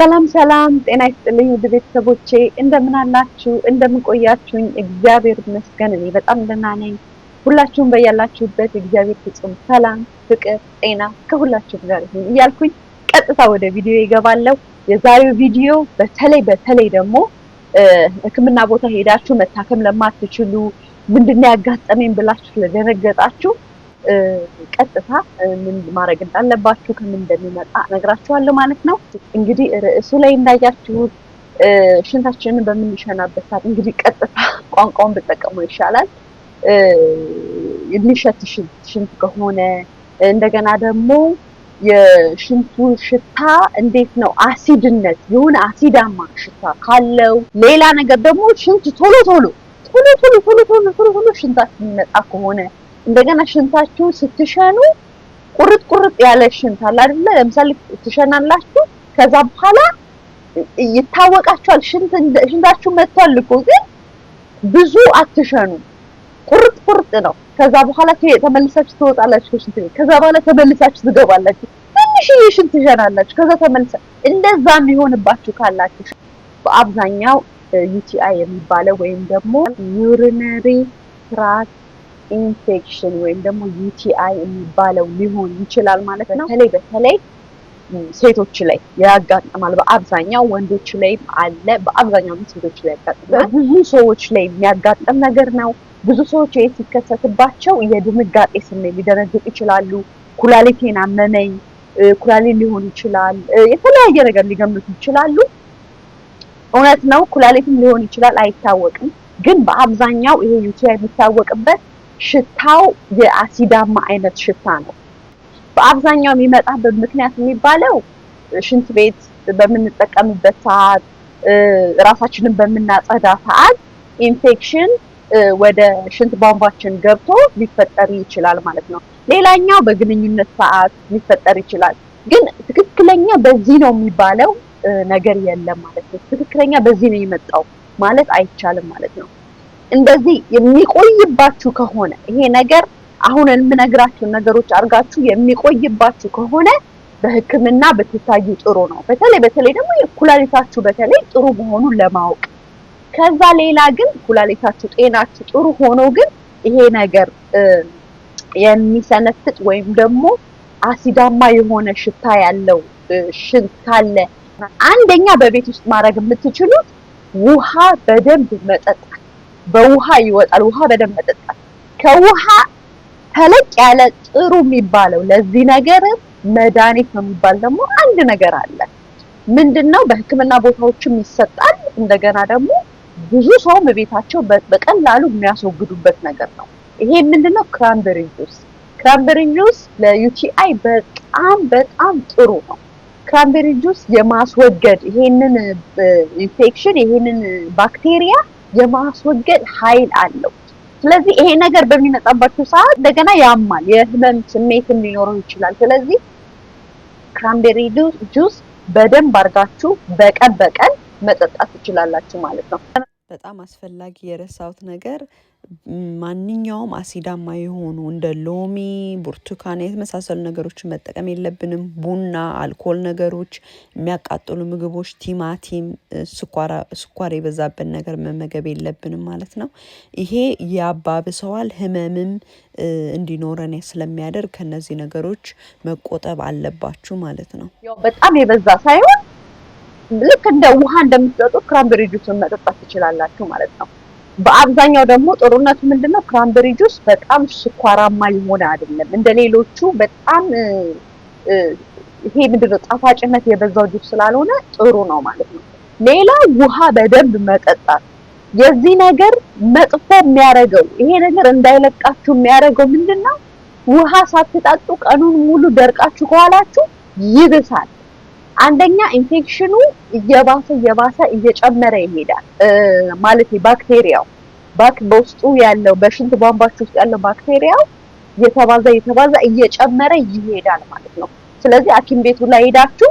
ሰላም ሰላም፣ ጤና ይስጥልኝ ውድ ቤተሰቦቼ እንደምን አላችሁ? እንደምን ቆያችሁኝ? እግዚአብሔር ይመስገን እኔ በጣም ደህና ነኝ። ሁላችሁም በያላችሁበት እግዚአብሔር ፍጹም ሰላም፣ ፍቅር፣ ጤና ከሁላችሁም ጋር ይሁን እያልኩኝ ቀጥታ ወደ ቪዲዮ ይገባለሁ። የዛሬው ቪዲዮ በተለይ በተለይ ደግሞ ሕክምና ቦታ ሄዳችሁ መታከም ለማትችሉ ምንድን ነው ያጋጠመኝ ብላችሁ ስለደነገጣችሁ ቀጥታ ምን ማድረግ እንዳለባችሁ ከምን እንደሚመጣ ነግራችኋለሁ ማለት ነው። እንግዲህ ርዕሱ ላይ እንዳያችሁት ሽንታችንን በምንሸናበት ሰዓት እንግዲህ ቀጥታ ቋንቋውን ብጠቀመው ይሻላል። የሚሸት ሽንት ከሆነ እንደገና ደግሞ የሽንቱ ሽታ እንዴት ነው? አሲድነት የሆነ አሲዳማ ሽታ ካለው ሌላ ነገር ደግሞ ሽንት ቶሎ ቶሎ ቶሎ ቶሎ ቶሎ ቶሎ ቶሎ ሽንታችን የሚመጣ ከሆነ እንደገና ሽንታችሁን ስትሸኑ ቁርጥ ቁርጥ ያለ ሽንት አለ አይደለ? ለምሳሌ ትሸናላችሁ፣ ከዛ በኋላ ይታወቃችኋል፣ ሽንት ሽንታችሁ መጥቷል እኮ ግን ብዙ አትሸኑ፣ ቁርጥ ቁርጥ ነው። ከዛ በኋላ ተመልሳችሁ ትወጣላችሁ ሽንት ቤት። ከዛ በኋላ ተመልሳችሁ ትገባላችሁ፣ ትንሽዬ ሽንት ትሸናላችሁ፣ ከዛ ተመልሳ እንደዛ የሚሆንባችሁ ካላችሁ በአብዛኛው ዩቲአይ የሚባለው ወይም ደግሞ ዩሪነሪ ትራክት ኢንፌክሽን ወይም ደግሞ ዩቲአይ የሚባለው ሊሆን ይችላል ማለት ነው። በተለይ በተለይ ሴቶች ላይ ያጋጥማል። በአብዛኛው ወንዶች ላይ አለ፣ በአብዛኛው ሴቶች ላይ ያጋጥማል። ብዙ ሰዎች ላይ የሚያጋጥም ነገር ነው። ብዙ ሰዎች ይህ ሲከሰትባቸው የድንጋጤ ስሜት ሊደነግጡ ይችላሉ። ኩላሊቴን አመመኝ፣ ኩላሊት ሊሆን ይችላል፣ የተለያየ ነገር ሊገምቱ ይችላሉ። እውነት ነው፣ ኩላሊትም ሊሆን ይችላል፣ አይታወቅም። ግን በአብዛኛው ይሄ ዩቲአይ የሚታወቅበት ሽታው የአሲዳማ አይነት ሽታ ነው። በአብዛኛው የሚመጣበት ምክንያት የሚባለው ሽንት ቤት በምንጠቀምበት ሰዓት፣ ራሳችንን በምናጸዳ ሰዓት ኢንፌክሽን ወደ ሽንት ቧንቧችን ገብቶ ሊፈጠር ይችላል ማለት ነው። ሌላኛው በግንኙነት ሰዓት ሊፈጠር ይችላል። ግን ትክክለኛ በዚህ ነው የሚባለው ነገር የለም ማለት ነው። ትክክለኛ በዚህ ነው የመጣው ማለት አይቻልም ማለት ነው። እንደዚህ የሚቆይባችሁ ከሆነ ይሄ ነገር አሁን የምነግራችሁን ነገሮች አድርጋችሁ የሚቆይባችሁ ከሆነ በሕክምና ብትታዩ ጥሩ ነው። በተለይ በተለይ ደግሞ የኩላሊታችሁ በተለይ ጥሩ መሆኑን ለማወቅ ከዛ ሌላ ግን ኩላሊታችሁ ጤናችሁ ጥሩ ሆኖ ግን ይሄ ነገር የሚሰነፍጥ ወይም ደግሞ አሲዳማ የሆነ ሽታ ያለው ሽንት ካለ አንደኛ በቤት ውስጥ ማድረግ የምትችሉት ውሃ በደንብ መጠጥ በውሃ ይወጣል። ውሃ በደንብ መጠጣት ከውሃ ተለቅ ያለ ጥሩ የሚባለው ለዚህ ነገር መድኃኒት ነው የሚባል ደግሞ አንድ ነገር አለ። ምንድነው? በሕክምና ቦታዎችም ይሰጣል። እንደገና ደግሞ ብዙ ሰው በቤታቸው በቀላሉ የሚያስወግዱበት ነገር ነው። ይሄ ምንድነው? ክራምበሪ ጁስ። ክራምበሪ ጁስ ለዩቲአይ በጣም በጣም ጥሩ ነው። ክራምበሪ ጁስ የማስወገድ ይሄንን ኢንፌክሽን ይሄንን ባክቴሪያ የማስወገድ ኃይል አለው። ስለዚህ ይሄ ነገር በሚመጣባቸው ሰዓት እንደገና ያማል፣ የህመም ስሜት ሊኖረው ይችላል። ስለዚህ ክራምቤሪ ጁስ በደንብ አድርጋችሁ በቀን በቀን መጠጣት ትችላላችሁ ማለት ነው። በጣም አስፈላጊ የረሳሁት ነገር ማንኛውም አሲዳማ የሆኑ እንደ ሎሚ፣ ብርቱካን የተመሳሰሉ ነገሮችን መጠቀም የለብንም። ቡና፣ አልኮል ነገሮች፣ የሚያቃጥሉ ምግቦች፣ ቲማቲም፣ ስኳር የበዛበን ነገር መመገብ የለብንም ማለት ነው። ይሄ ያባብሰዋል፣ ህመምም እንዲኖረን ስለሚያደርግ ከነዚህ ነገሮች መቆጠብ አለባችሁ ማለት ነው። በጣም የበዛ ሳይሆን ልክ እንደ ውሃ እንደምትጠጡት ክራምበሪ ጁስን መጠጣት ትችላላችሁ ማለት ነው። በአብዛኛው ደግሞ ጥሩነቱ ምንድነው? ክራምበሪ ጁስ በጣም ስኳራማ የሆነ አይደለም። እንደ ሌሎቹ በጣም ይሄ ምንድነው ጣፋጭነት የበዛው ጁስ ስላልሆነ ጥሩ ነው ማለት ነው። ሌላ ውሃ በደንብ መጠጣት። የዚህ ነገር መጥፎ የሚያደርገው ይሄ ነገር እንዳይለቃችሁ የሚያደርገው ምንድነው? ውሃ ሳትጠጡ ቀኑን ሙሉ ደርቃችሁ ከኋላችሁ ይብሳል። አንደኛ ኢንፌክሽኑ እየባሰ እየባሰ እየጨመረ ይሄዳል ማለት ባክቴሪያው ባክ በውስጡ ያለው በሽንት ቧንቧች ውስጥ ያለው ባክቴሪያው እየተባዛ እየተባዛ እየጨመረ ይሄዳል ማለት ነው። ስለዚህ ሐኪም ቤቱ ላይ ሄዳችሁ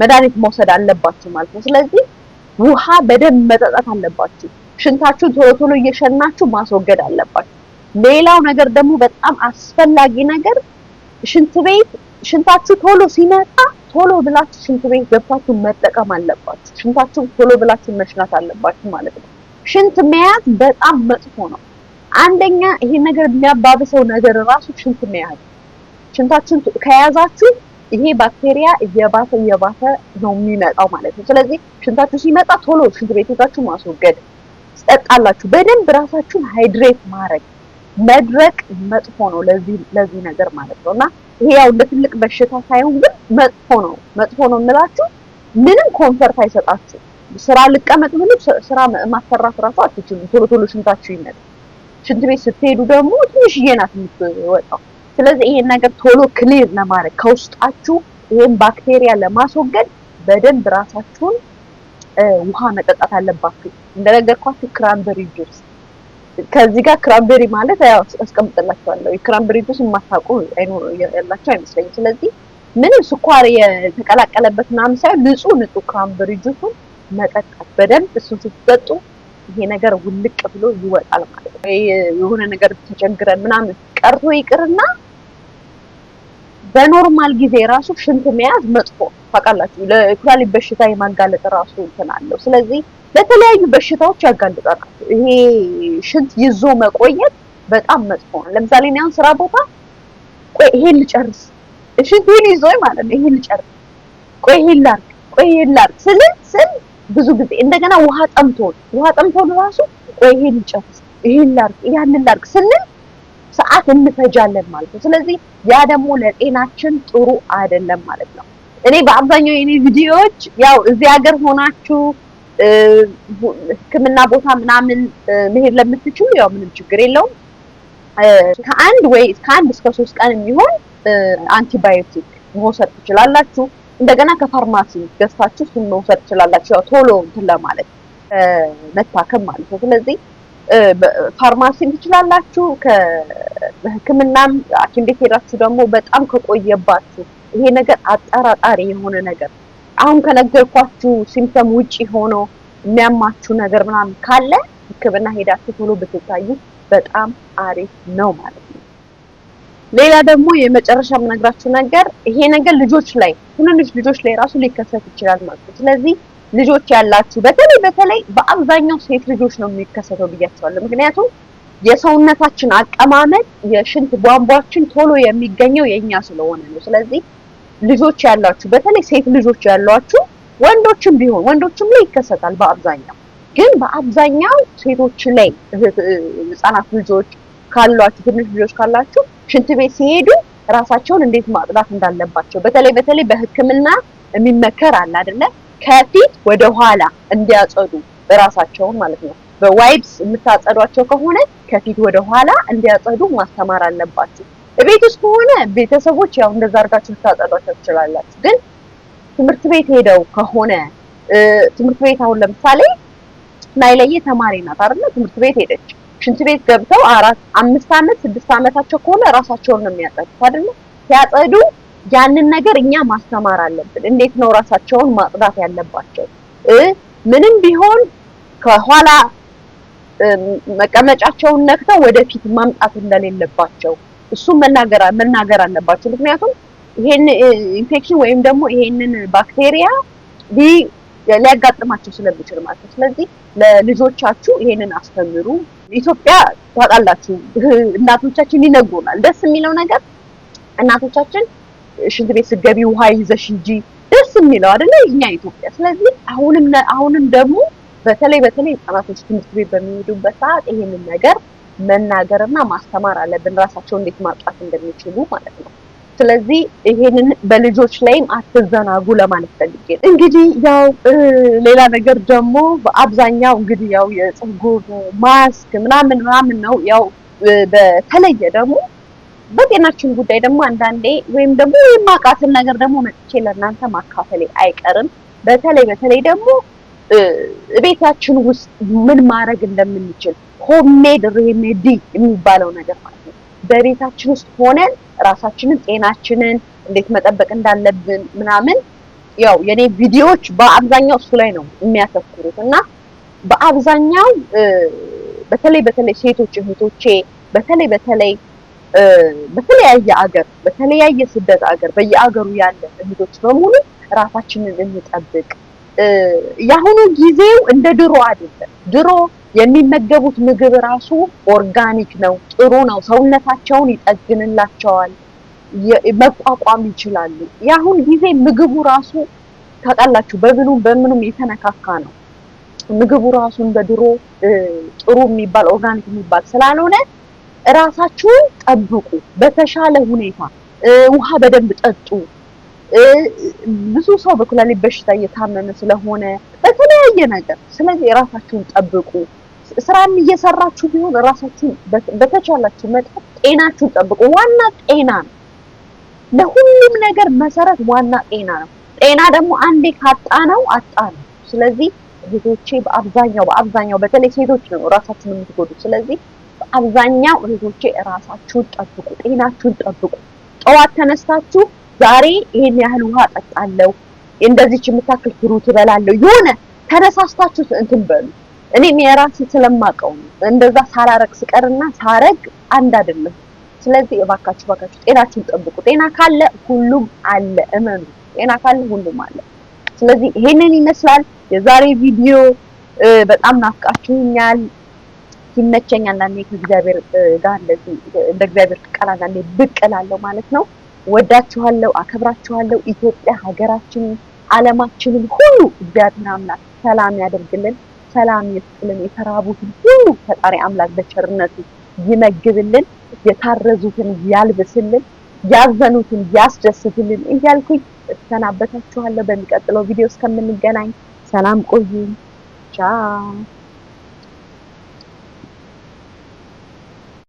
መድኃኒት መውሰድ አለባችሁ ማለት ነው። ስለዚህ ውሃ በደንብ መጠጣት አለባችሁ። ሽንታችሁን ቶሎ ቶሎ እየሸናችሁ ማስወገድ አለባችሁ። ሌላው ነገር ደግሞ በጣም አስፈላጊ ነገር ሽንት ቤት ሽንታችሁ ቶሎ ሲመጣ ቶሎ ብላችሁ ሽንት ቤት ገብታችሁ መጠቀም አለባችሁ። ሽንታችሁ ቶሎ ብላችሁ መሽናት አለባችሁ ማለት ነው። ሽንት መያዝ በጣም መጥፎ ነው። አንደኛ ይሄ ነገር የሚያባብሰው ነገር ራሱ ሽንት መያዝ። ሽንታችሁን ከያዛችሁ ይሄ ባክቴሪያ እየባሰ እየባሰ ነው የሚመጣው ማለት ነው። ስለዚህ ሽንታችሁ ሲመጣ ቶሎ ሽንት ቤት ይዛችሁ ማስወገድ ጠጣላችሁ፣ በደንብ ራሳችሁን ሃይድሬት ማድረግ መድረቅ መጥፎ ነው ለዚህ ለዚህ ነገር ማለት ነው እና ይሄ ያው እንደ ትልቅ በሽታ ሳይሆን ግን መጥፎ ነው። መጥፎ ነው የምላችሁ ምንም ኮንፈርት አይሰጣችሁ። ስራ ልቀመጥ ብሉ ስራ ማሰራት ራሱ አትችሉ። ቶሎ ቶሎ ሽንታችሁ ይመጣል። ሽንት ቤት ስትሄዱ ደግሞ ትንሽዬ ናት የምትወጣው። ስለዚህ ይሄን ነገር ቶሎ ክሊር ለማድረግ ከውስጣችሁ ይሄን ባክቴሪያ ለማስወገድ በደንብ ራሳችሁን ውሃ መጠጣት አለባችሁ። እንደነገርኳችሁ ክራንበሪ ጁስ ከዚህ ጋር ክራምቤሪ ማለት ያው አስቀምጥላቸዋለሁ። የክራምቤሪ ጁስ የማታውቁ ያላቸው አይመስለኝም። ስለዚህ ምንም ስኳር የተቀላቀለበት ምናምን ሳይሆን ንጹህ ንጹህ ክራምቤሪ ጁሱን መጠጣት በደንብ እሱን ስትጠጡ ይሄ ነገር ውልቅ ብሎ ይወጣል ማለት ነው። የሆነ ነገር ተቸግረን ምናምን ቀርቶ ይቅርና በኖርማል ጊዜ ራሱ ሽንት መያዝ መጥፎ ታውቃላችሁ፣ ለኩላሊት በሽታ የማጋለጥ ራሱ እንትን አለው። ስለዚህ ለተለያዩ በሽታዎች ያጋልጣል። ይሄ ሽንት ይዞ መቆየት በጣም መጥፎ ነው። ለምሳሌ እኔ አሁን ስራ ቦታ ቆይ ይሄን ልጨርስ፣ ሽንቴን ይዞኝ ማለት ነው። ይሄን ልጨርስ፣ ቆይ ይሄን ላድርግ፣ ቆይ ይሄን ላድርግ ስል ስል ብዙ ጊዜ እንደገና ውሃ ጠምቶን ውሃ ጠምቶን ራሱ ቆይ ይሄን ልጨርስ፣ ይሄን ላድርግ፣ ያንን ላድርግ ስንል ሰዓት እንፈጃለን ማለት ነው። ስለዚህ ያ ደግሞ ለጤናችን ጥሩ አይደለም ማለት ነው። እኔ በአብዛኛው የኔ ቪዲዮዎች ያው እዚህ ሀገር ሆናችሁ ሕክምና ቦታ ምናምን መሄድ ለምትችሉ ያው ምንም ችግር የለውም። ከአንድ ወይ ከአንድ እስከ ሶስት ቀን የሚሆን አንቲባዮቲክ መውሰድ ትችላላችሁ። እንደገና ከፋርማሲ ገዝታችሁ እሱን መውሰድ ትችላላችሁ። ያው ቶሎ እንትን ለማለት መታከም ማለት ነው። ስለዚህ ፋርማሲም ትችላላችሁ፣ ከህክምናም ሐኪም ቤት ሄዳችሁ ደግሞ በጣም ከቆየባችሁ ይሄ ነገር አጠራጣሪ የሆነ ነገር አሁን ከነገርኳችሁ ሲምፕተም ውጪ ሆኖ የሚያማችሁ ነገር ምናምን ካለ ሕክምና ሄዳችሁ ቶሎ ብትታዩ በጣም አሪፍ ነው ማለት ነው። ሌላ ደግሞ የመጨረሻ የምነግራችሁ ነገር ይሄ ነገር ልጆች ላይ ትንንሽ ልጆች ላይ ራሱ ሊከሰት ይችላል ማለት ነው። ስለዚህ ልጆች ያላችሁ በተለይ በተለይ በአብዛኛው ሴት ልጆች ነው የሚከሰተው ብያቸዋለሁ። ምክንያቱም የሰውነታችን አቀማመጥ የሽንት ቧንቧችን ቶሎ የሚገኘው የእኛ ስለሆነ ነው። ስለዚህ ልጆች ያላችሁ በተለይ ሴት ልጆች ያሏችሁ ወንዶችም ቢሆን ወንዶችም ላይ ይከሰታል። በአብዛኛው ግን በአብዛኛው ሴቶች ላይ ህጻናት ልጆች ካሏችሁ ትንሽ ልጆች ካላችሁ ሽንት ቤት ሲሄዱ ራሳቸውን እንዴት ማጽዳት እንዳለባቸው በተለይ በተለይ በሕክምና የሚመከር አለ አይደለ? ከፊት ወደ ኋላ እንዲያጸዱ ራሳቸውን ማለት ነው። በዋይብስ የምታጸዷቸው ከሆነ ከፊት ወደ ኋላ እንዲያጸዱ ማስተማር አለባችሁ። ቤት ውስጥ ከሆነ ቤተሰቦች ያው እንደዛ አድርጋችሁ ልታጸዷቸው ትችላላችሁ። ግን ትምህርት ቤት ሄደው ከሆነ ትምህርት ቤት አሁን ለምሳሌ ላይ ላይ ተማሪ ናት አይደለ? ትምህርት ቤት ሄደች ሽንት ቤት ገብተው አራት አምስት ዓመት ስድስት ዓመታቸው ከሆነ ራሳቸውን ነው የሚያጠጡት አይደለ? ሲያጸዱ ያንን ነገር እኛ ማስተማር አለብን። እንዴት ነው ራሳቸውን ማጽዳት ያለባቸው? ምንም ቢሆን ከኋላ መቀመጫቸውን ነክተው ወደፊት ማምጣት እንደሌለባቸው እሱም መናገር አለባቸው። ምክንያቱም ይሄን ኢንፌክሽን ወይም ደግሞ ይሄንን ባክቴሪያ ሊያጋጥማቸው ስለሚችል ማለት ነው። ስለዚህ ለልጆቻችሁ ይሄንን አስተምሩ። ኢትዮጵያ ታውቃላችሁ፣ እናቶቻችን ይነግሩናል። ደስ የሚለው ነገር እናቶቻችን ሽንት ቤት ስገቢ ውሃ ይዘሽ እንጂ ደስ የሚለው አይደለ እኛ ኢትዮጵያ። ስለዚህ አሁንም አሁንም ደግሞ በተለይ በተለይ ህጻናቶች ትምህርት ቤት በሚሄዱበት ሰዓት ይሄንን ነገር መናገርና ማስተማር አለብን፣ ራሳቸው እንዴት ማጥፋት እንደሚችሉ ማለት ነው። ስለዚህ ይሄንን በልጆች ላይም አትዘናጉ ለማለት ፈልጌ እንግዲህ ያው ሌላ ነገር ደግሞ በአብዛኛው እንግዲህ ያው የፀጉር ማስክ ምናምን ምናምን ነው። ያው በተለየ ደግሞ በጤናችን ጉዳይ ደግሞ አንዳንዴ ወይም ደግሞ የማውቃትን ነገር ደግሞ መጥቼ ለእናንተ ማካፈሌ አይቀርም። በተለይ በተለይ ደግሞ ቤታችን ውስጥ ምን ማድረግ እንደምንችል ሆሜድ ሬሜዲ የሚባለው ነገር ማለት ነው። በቤታችን ውስጥ ሆነን ራሳችንን ጤናችንን እንዴት መጠበቅ እንዳለብን ምናምን ያው የኔ ቪዲዮዎች በአብዛኛው እሱ ላይ ነው የሚያተኩሩት እና በአብዛኛው በተለይ በተለይ ሴቶች እህቶቼ በተለይ በተለይ በተለያየ አገር በተለያየ ስደት አገር በየአገሩ ያለ እህቶች በሙሉ ራሳችንን እንጠብቅ። የአሁኑ ጊዜው እንደ ድሮ አይደለም። ድሮ የሚመገቡት ምግብ ራሱ ኦርጋኒክ ነው፣ ጥሩ ነው፣ ሰውነታቸውን ይጠግንላቸዋል፣ መቋቋም ይችላሉ። የአሁን ጊዜ ምግቡ ራሱ ታውቃላችሁ፣ በምኑም በምኑም የተነካካ ነው። ምግቡ ራሱ እንደ ድሮ ጥሩ የሚባል ኦርጋኒክ የሚባል ስላልሆነ እራሳችሁን ጠብቁ በተሻለ ሁኔታ። ውሃ በደንብ ጠጡ። ብዙ ሰው በኩላሊት በሽታ እየታመመ ስለሆነ በተለያየ ነገር፣ ስለዚህ እራሳችሁን ጠብቁ። ስራም እየሰራችሁ ቢሆን እራሳችሁን በተቻላችሁ መጠን ጤናችሁን ጠብቁ። ዋና ጤና ነው፣ ለሁሉም ነገር መሰረት ዋና ጤና ነው። ጤና ደግሞ አንዴ ካጣ ነው አጣ ነው። ስለዚህ እህቶቼ በአብዛኛው በአብዛኛው በተለይ ሴቶች ነው ራሳችሁን የምትጎዱ። ስለዚህ በአብዛኛው እህቶቼ ራሳችሁን ጠብቁ፣ ጤናችሁን ጠብቁ። ጠዋት ተነስታችሁ ዛሬ ይህን ያህል ውሃ ጠጣለው እንደዚች የምታክል ፍሩት እበላለሁ፣ የሆነ ተነሳስታችሁ እንትን በሉ እኔ የራሴ ስለማውቀው እንደዛ ሳላረግ ስቀርና ሳረግ አንድ አይደለም። ስለዚህ እባካችሁ እባካችሁ ጤናችሁን ጠብቁ። ጤና ካለ ሁሉም አለ፣ እመኑ። ጤና ካለ ሁሉም አለ። ስለዚህ ይሄንን ይመስላል የዛሬ ቪዲዮ። በጣም ናፍቃችሁኛል። ሲመቸኝ አንዳንዴ ከእግዚአብሔር ጋር እንደዚህ እንደ እግዚአብሔር ፍቃድ አንዳንዴ ብቅ እላለሁ ማለት ነው። ወዳችኋለሁ፣ አከብራችኋለሁ። ኢትዮጵያ ሀገራችንን፣ ዓለማችንን ሁሉ እግዚአብሔር አምላክ ሰላም ያደርግልን። ሰላም ይስጥልን። የተራቡትን ሁሉ ፈጣሪ አምላክ በቸርነቱ ይመግብልን፣ የታረዙትን ያልብስልን፣ ያዘኑትን ያስደስትልን እያልኩኝ እሰናበታችኋለሁ። በሚቀጥለው ቪዲዮ እስከምንገናኝ ሰላም ቆዩ። ቻው